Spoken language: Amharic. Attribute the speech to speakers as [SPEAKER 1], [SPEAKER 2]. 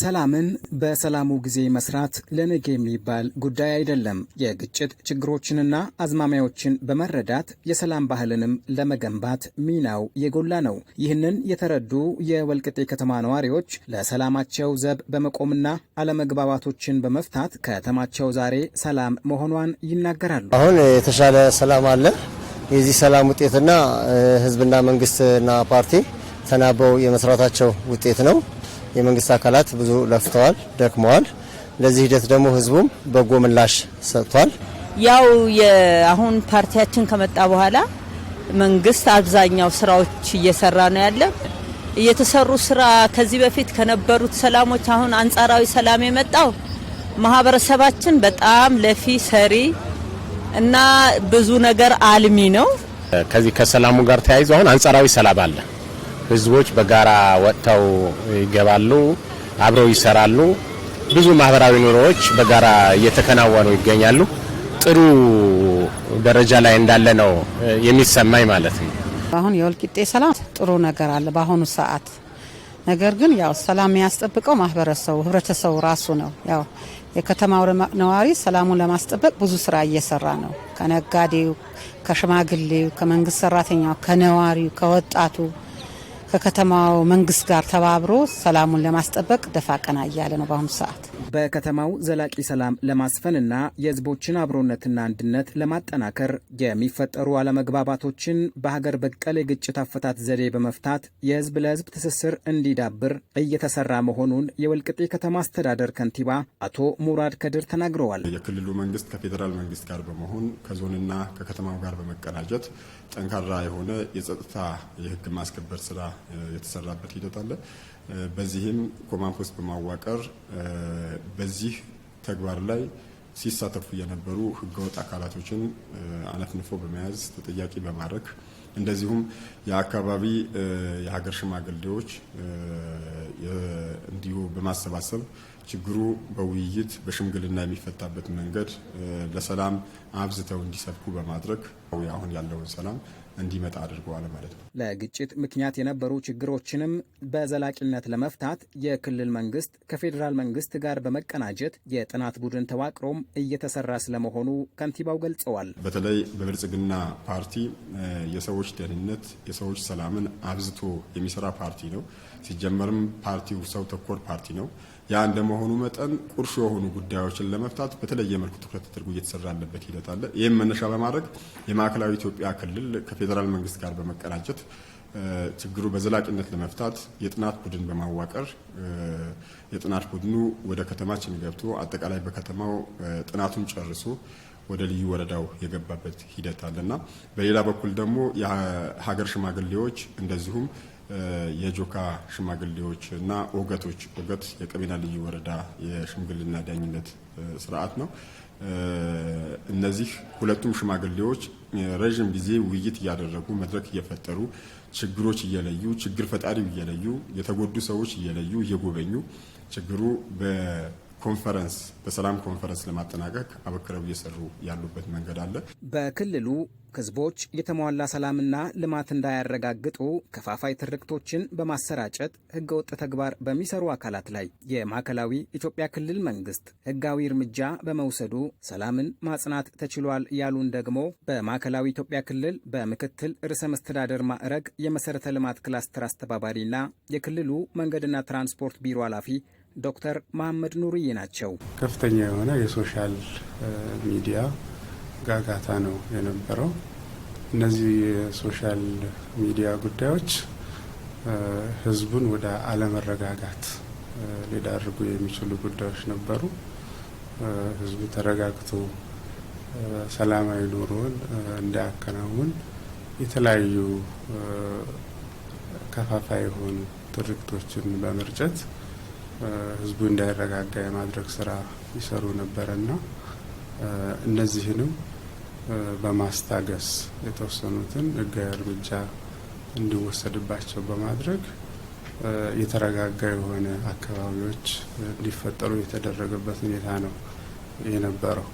[SPEAKER 1] ሰላምን በሰላሙ ጊዜ መስራት ለነገ የሚባል ጉዳይ አይደለም። የግጭት ችግሮችንና አዝማሚያዎችን በመረዳት የሰላም ባህልንም ለመገንባት ሚናው የጎላ ነው። ይህንን የተረዱ የወልቅጤ ከተማ ነዋሪዎች ለሰላማቸው ዘብ በመቆምና አለመግባባቶችን በመፍታት ከተማቸው ዛሬ ሰላም መሆኗን ይናገራሉ።
[SPEAKER 2] አሁን የተሻለ ሰላም አለ። የዚህ ሰላም ውጤትና ህዝብና መንግስትና ፓርቲ ተናበው የመስራታቸው ውጤት ነው። የመንግስት አካላት ብዙ ለፍተዋል፣ ደክመዋል። ለዚህ ሂደት ደግሞ ህዝቡም በጎ ምላሽ ሰጥቷል።
[SPEAKER 3] ያው አሁን ፓርቲያችን ከመጣ በኋላ መንግስት አብዛኛው ስራዎች እየሰራ ነው ያለ እየተሰሩ ስራ ከዚህ በፊት ከነበሩት ሰላሞች አሁን አንጻራዊ ሰላም የመጣው ማህበረሰባችን በጣም ለፊ ሰሪ እና ብዙ ነገር አልሚ ነው።
[SPEAKER 4] ከዚህ ከሰላሙ ጋር ተያይዞ አሁን አንጻራዊ ሰላም አለ። ህዝቦች በጋራ ወጥተው ይገባሉ፣ አብረው ይሰራሉ። ብዙ ማህበራዊ ኑሮዎች በጋራ እየተከናወኑ ይገኛሉ። ጥሩ ደረጃ ላይ እንዳለ ነው የሚሰማኝ ማለት ነው።
[SPEAKER 5] አሁን የወልቂጤ ሰላም ጥሩ ነገር አለ በአሁኑ ሰዓት። ነገር ግን ያው ሰላም የሚያስጠብቀው ማህበረሰቡ ህብረተሰቡ ራሱ ነው። ያው የከተማው ነዋሪ ሰላሙን ለማስጠበቅ ብዙ ስራ እየሰራ ነው። ከነጋዴው፣ ከሽማግሌው፣ ከመንግስት ሰራተኛው፣ ከነዋሪው፣ ከወጣቱ ከከተማው መንግስት ጋር ተባብሮ ሰላሙን ለማስጠበቅ ደፋ ቀና እያለ ነው። በአሁኑ ሰዓት
[SPEAKER 1] በከተማው ዘላቂ ሰላም ለማስፈንና የህዝቦችን አብሮነትና አንድነት ለማጠናከር የሚፈጠሩ አለመግባባቶችን በሀገር በቀል የግጭት አፈታት ዘዴ በመፍታት የህዝብ ለህዝብ ትስስር እንዲዳብር እየተሰራ መሆኑን የወልቅጤ ከተማ አስተዳደር ከንቲባ አቶ ሙራድ ከድር ተናግረዋል።
[SPEAKER 6] የክልሉ መንግስት ከፌዴራል መንግስት ጋር በመሆን ከዞንና ከከተማው ጋር በመቀናጀት ጠንካራ የሆነ የጸጥታ የህግ ማስከበር ስራ የተሰራበት ሂደት አለ። በዚህም ኮማን ፖስት በማዋቀር በዚህ ተግባር ላይ ሲሳተፉ የነበሩ ህገወጥ አካላቶችን አነፍንፎ በመያዝ ተጠያቂ በማድረግ እንደዚሁም የአካባቢ የሀገር ሽማግሌዎች እንዲሁ በማሰባሰብ ችግሩ በውይይት በሽምግልና የሚፈታበት መንገድ ለሰላም አብዝተው እንዲሰብኩ በማድረግ አሁን ያለውን ሰላም እንዲመጣ አድርገዋል ማለት ነው።
[SPEAKER 1] ለግጭት ምክንያት የነበሩ ችግሮችንም በዘላቂነት ለመፍታት የክልል መንግስት ከፌዴራል መንግስት ጋር በመቀናጀት የጥናት ቡድን ተዋቅሮም እየተሰራ ስለመሆኑ ከንቲባው ገልጸዋል።
[SPEAKER 7] በተለይ በብልጽግና ፓርቲ የሰዎች ደህንነት፣ የሰዎች ሰላምን አብዝቶ የሚሰራ ፓርቲ ነው። ሲጀመርም ፓርቲው ሰው ተኮር ፓርቲ ነው። ያ እንደመሆኑ መጠን ቁርሾ የሆኑ ጉዳዮችን ለመፍታት በተለየ መልኩ ትኩረት ተደርጎ እየተሰራ ያለበት ሂደት አለ። ይህም መነሻ በማድረግ የማዕከላዊ ኢትዮጵያ ክልል ከፌዴራል መንግስት ጋር በመቀናጀት ችግሩ በዘላቂነት ለመፍታት የጥናት ቡድን በማዋቀር የጥናት ቡድኑ ወደ ከተማችን ገብቶ አጠቃላይ በከተማው ጥናቱን ጨርሶ ወደ ልዩ ወረዳው የገባበት ሂደት አለና በሌላ በኩል ደግሞ የሀገር ሽማግሌዎች እንደዚሁም የጆካ ሽማግሌዎች እና ኦገቶች ኦገት የቀቤና ልዩ ወረዳ የሽምግልና ዳኝነት ስርዓት ነው። እነዚህ ሁለቱም ሽማግሌዎች ረዥም ጊዜ ውይይት እያደረጉ መድረክ እየፈጠሩ ችግሮች እየለዩ ችግር ፈጣሪው እየለዩ የተጎዱ ሰዎች እየለዩ እየጎበኙ ችግሩ ኮንፈረንስ በሰላም ኮንፈረንስ ለማጠናቀቅ አበክረው እየሰሩ ያሉበት መንገድ አለ።
[SPEAKER 1] በክልሉ ህዝቦች የተሟላ ሰላምና ልማት እንዳያረጋግጡ ከፋፋይ ትርክቶችን በማሰራጨት ህገወጥ ተግባር በሚሰሩ አካላት ላይ የማዕከላዊ ኢትዮጵያ ክልል መንግስት ህጋዊ እርምጃ በመውሰዱ ሰላምን ማጽናት ተችሏል ያሉን ደግሞ በማዕከላዊ ኢትዮጵያ ክልል በምክትል ርዕሰ መስተዳደር ማዕረግ የመሰረተ ልማት ክላስተር አስተባባሪና የክልሉ መንገድና ትራንስፖርት ቢሮ ኃላፊ ዶክተር መሀመድ ኑርዬ ናቸው።
[SPEAKER 8] ከፍተኛ የሆነ የሶሻል ሚዲያ ጋጋታ ነው የነበረው። እነዚህ የሶሻል ሚዲያ ጉዳዮች ህዝቡን ወደ አለመረጋጋት ሊዳርጉ የሚችሉ ጉዳዮች ነበሩ። ህዝቡ ተረጋግቶ ሰላማዊ ኑሮን እንዳያከናውን የተለያዩ ከፋፋ የሆኑ ትርክቶችን በመርጨት ህዝቡ እንዳይረጋጋ የማድረግ ስራ ይሰሩ ነበረና እነዚህንም በማስታገስ የተወሰኑትን ህጋዊ እርምጃ እንዲወሰድባቸው በማድረግ የተረጋጋ የሆነ አካባቢዎች እንዲፈጠሩ የተደረገበት ሁኔታ ነው የነበረው።